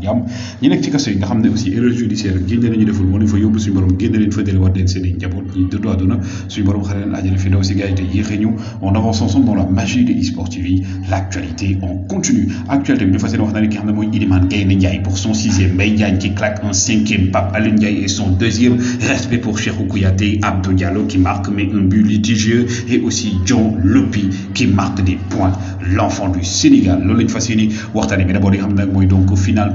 jàmm ñi nek ci kaso yi nga xamne aussi erreur judiciaire ak génne nañu deful mo leen fa yóbbu suñu borom génne leen fa war den seen i ñi de dëddu àdduna suñu borom xale leen àjjana fi daw ci gars yi te on avance ensemble dans la magie de eSport TV l'actualité on continue actualité bi ñu fas wax na ne ki xamne moy ne mooy Ilimane Gaye pour son sixième Mbaye Diagne ci claque un 5e Pape Alioune Ndiaye et son 2e respect pour Cheikhou Kouyaté Abdou Diallo qui marque mais un but litigieux et aussi John Lopi qui marque des points l'enfant du Sénégal lolu lañ fas yéene waxtaane mais d'abord yi xam ne donc final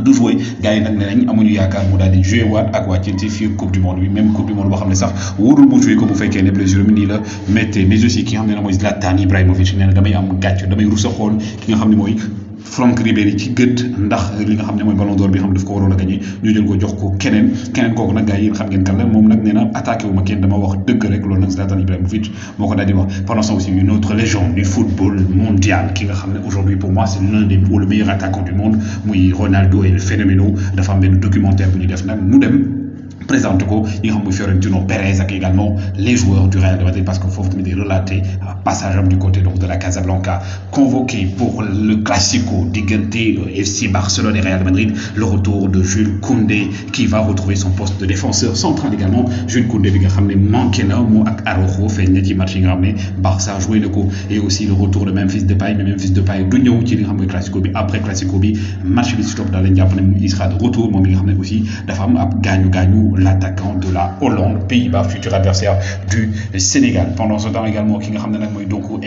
du joué gars yi nag ne nañ amuñu yaakaar mu daal di joué waat ak waa ci fii coupe du monde bi même coupe du monde boo xam ne sax wóorul mu joué ko bu fekkee ne blessure bi nii la méttee mais ki xam ne mooy Zlatan Ibrahimovic nee na damay am gàcc damay rus a xool ki nga xam ne mooy Franck Ribéry ci gët ndax li nga xamne moy ballon d'or bi xam ne daf ko waroon a gagné ñu jël ko jox ko keneen keneen kooku nak gars yi xam ngeen kan la mom nak nee attaquer wu ma kenn dama wax deug rek loolu nag Zlatan Ibrahimovic moo ko daal di wax pendant ça aussi une autre légende du football mondial ki nga xamne ne aujourd'hui pour moi c'est l'un des ou le meilleur attaquant du monde muy Ronaldo et le phénoméno dafa am benn documentaire bu ñu def nak mu dem présente ko yi nga xam Fiorentino Pérez ak également les joueurs du Real Madrid parce que mettre tamit di relaté passage du côté donc de la Casablanca convoqué pour le Classico diggante FC Barcelone et Real Madrid le retour de Jules Koundé qui va retrouver son poste de défenseur central également Jules Koundé bi nga xam ne manqué na mu ak Araujo fait match nga xam Barça joué na ko et aussi le retour de Memphis Depay mais Memphis Depay du ñëw ci li nga xam Classico bi après Classico bi match bi stop dans le lañ jàpp il sera de retour mo mi nga xam aussi dafa am ab gañu l'attaquant de la Hollande, Pays-Bas, futur adversaire du Sénégal. pendant ce temps également King nga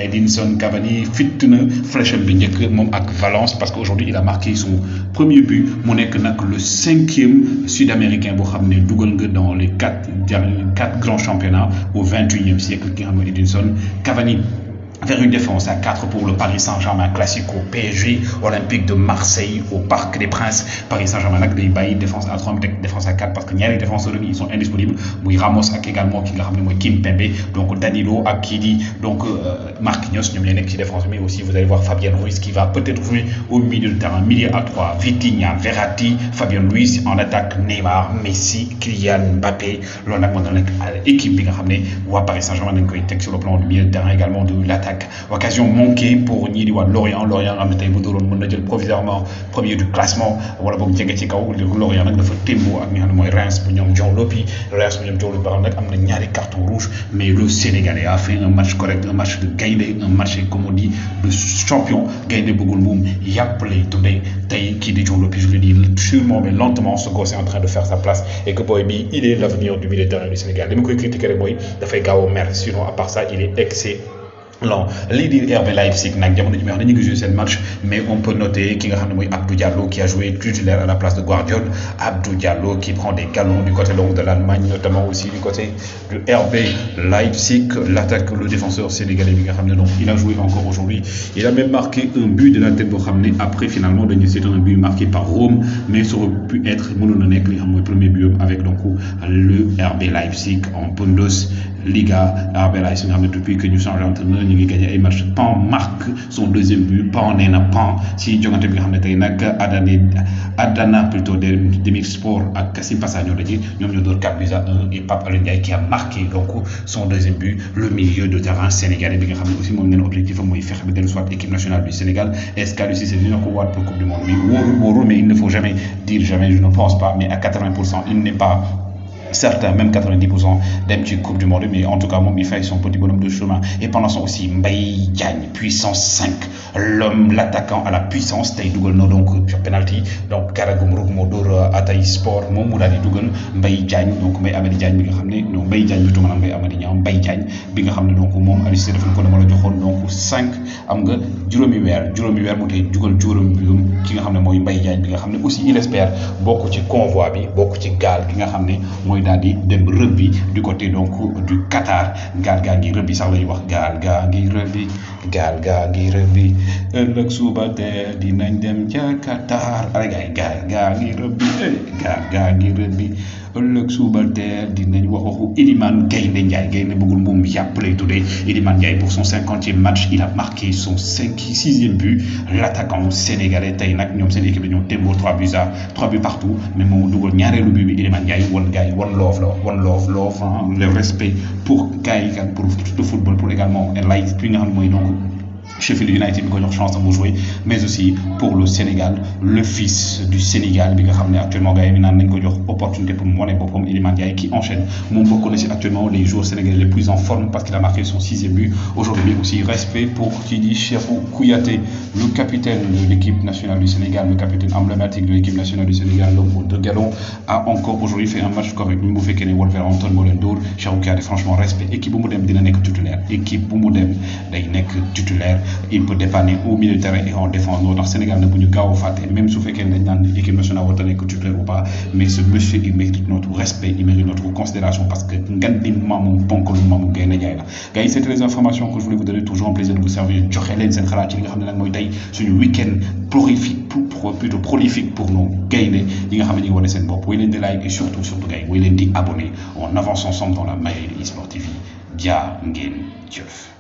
Edinson Cavani Fitne, na Valence parce qu'aujourd'hui il a marqué son premier but Monek Nak, le cinquième sud-américain pour ramener dans les quatre grands championnats au 21e siècle King Edinson Cavani vers une défense à 4 pour le Paris Saint-Germain classique au PSG Olympique de Marseille au Parc des Princes Paris Saint-Germain avec des bàyyi défense à 3 défense à 4 parce qu'il que les défenseurs ils sont indisponibles Moui Ramos également qui l'a ramené ne Kim Kimpembe donc Danilo Akili donc euh, Marquinhos ñoom ñooy ci défense mais aussi vous allez voir Fabien Ruiz qui va peut-être jouer au milieu de terrain milieu à 3 Vitinha Verratti Fabien Ruiz en attaque Neymar Messi Kylian Mbappé l'on a mën l'équipe qui l'a ramené, nga à Paris Saint-Germain qui koy sur le plan du milieu de terrain également de l'attaque occasion manquée pour ñii di Lorient Lorient à xam ne tey bu provisoirement premier du classement Voilà pour jege ci kaw Lorient nag dafa témboo ak ñi nga xam ne mooy Reims bu ñoom Dion Reims bu ba carton rouge mais le Sénégalais a fait un match correct un match de gagner, un match comme on dit de champion gaynde bëggul il y a plein tey kii di Dion Djolopi, je le dis sûrement mais lentement ce gosse est en train de faire sa place et que boy il est l'avenir du milieu du Sénégal li ma koy des rek mooy dafay gaaw mer sinon à part ça il est excellent non, l'idée RB Leipzig n'a jamono match mais on peut noter qu'il y a Abdou Diallo qui a joué titulaire à la place de Guardiola Abdou Diallo qui prend des galons du côté long de l'Allemagne notamment aussi du côté du RB Leipzig l'attaque le défenseur sénégalais il a joué encore aujourd'hui il a même marqué un but de la tête ramener après finalement de c'est un but marqué par Rome mais ça aurait pu être mon premier but avec donc le RB Leipzig en Bundes Liga ah Abel depuis que nous sommes entraîneur ñu ngi gagné ay match Pan marque son deuxième but Pan nee na Pan si jogante bi nga xam ne Adana plutôt Demir Sport ak Kasipasa ñoo ça ñoom ñoo door 4 buts à 1 et Pape Alioune qui a marqué donc son deuxième but le milieu de terrain sénégalais bi nga xam aussi mon objectif am mooy fait ba dellu soit équipe nationale du Sénégal est-ce qu'à une dina ko waat pour coupe du monde Oui, mais il ne faut jamais dire jamais je ne pense pas mais à 80 il n'est pas certains, même 90%, des petits Coupe du Monde. Mais en tout cas, Mombi Faye, son petit bonhomme de chemin. Et pendant ce temps aussi, Mbaye gagne, puissance 5. L'homme, l'attaquant à la puissance, Tay Dougal, non, donc sur penalty. Donc, Karagum Rugmodur, Ataï euh, Sport, Momouradi Dougal, Mbaye gagne. Donc, Mbaye Amadi nous Binga Hamne, non, Mbaye gagne, plutôt, Mbaye Amadi Diagne, Mbaye gagne, Binga Hamne, donc, Mom, Alice Stéphane Kodamala Jokhon, donc 5. Am nga juróomi weer juróomi Wer, mu tey dugal juróomi ki nga xam ne Mbaye Diagne bi nga aussi il espère beaucoup ci convoi bi bokk ci gaal gi nga mooy daal di dem rëbbi du côté donc du Qatar gaal gaa ngi rëbbi sax lay wax gaal gaa ngi rëbbi gaal gaa ngi rëbbi ëllëg suba teel dinañ dem ca Qatar ay gay gaal gaa ngi rëbbi eh, gaal gaa ngi rëbbi ëllëg suba teel dinañ wax waxu Iliman Gaynde Ndiaye Gaynde bëggul moom yàpp lay tuddee Iliman Ndiaye pour son 50e match il a marqué son 5e 6e but l'attaquant sénégalais tay nak ñom seen équipe dañoo témboo 3 buts à trois buts partout mais moom dugal ñaareelu but bi Iliman Ndiaye won gars yi one love la one love love hein, le respect pour pour tout le football pour également like ki moi, est donc. Sheffield United bi ko jox chance de vous jouer mais aussi pour le Sénégal le fils du Sénégal bi nga xam actuellement gars yi ko jox opportunité pour mu wane boppam Iliman qui enchaîne moom bokk na actuellement les joueurs sénégalais les plus en forme parce qu'il a marqué son sixième but aujourd'hui aussi respect pour qui dit Kouyaté le capitaine de l'équipe nationale du Sénégal le capitaine emblématique de l'équipe nationale du Sénégal l'homme de galon a encore aujourd'hui fait un match correct ni mu fekkee ne Wolverhampton moo Cheikhou Kouyaté franchement respect équipe bu dem dina nek titulaire équipe bu dem day nek titulaire militaire il peut dépanner au milieu de terrain et en défense loolu Sénégal na bu ñu gaaw a fàtte même su fekkee dañ naan équipe nationale warta que titulaire ou pas mais ce monsieur il mérite notre respect il mérite notre considération parce que ngan di maamu ponk lu maamu gaynde jaay la gars yi les informations que je voulais vous donner toujours un plaisir de vous servir joxe leen seen xalaat ci li nga xam ne nag suñu week-end prolifique pour plutôt prolifique pour nous gayné yi nga xamné ne ñu sen bop way leen di like et surtout surtout gay yi way leen di abonné on avance ensemble dans la magie e-sport TV jaa ngeen jëf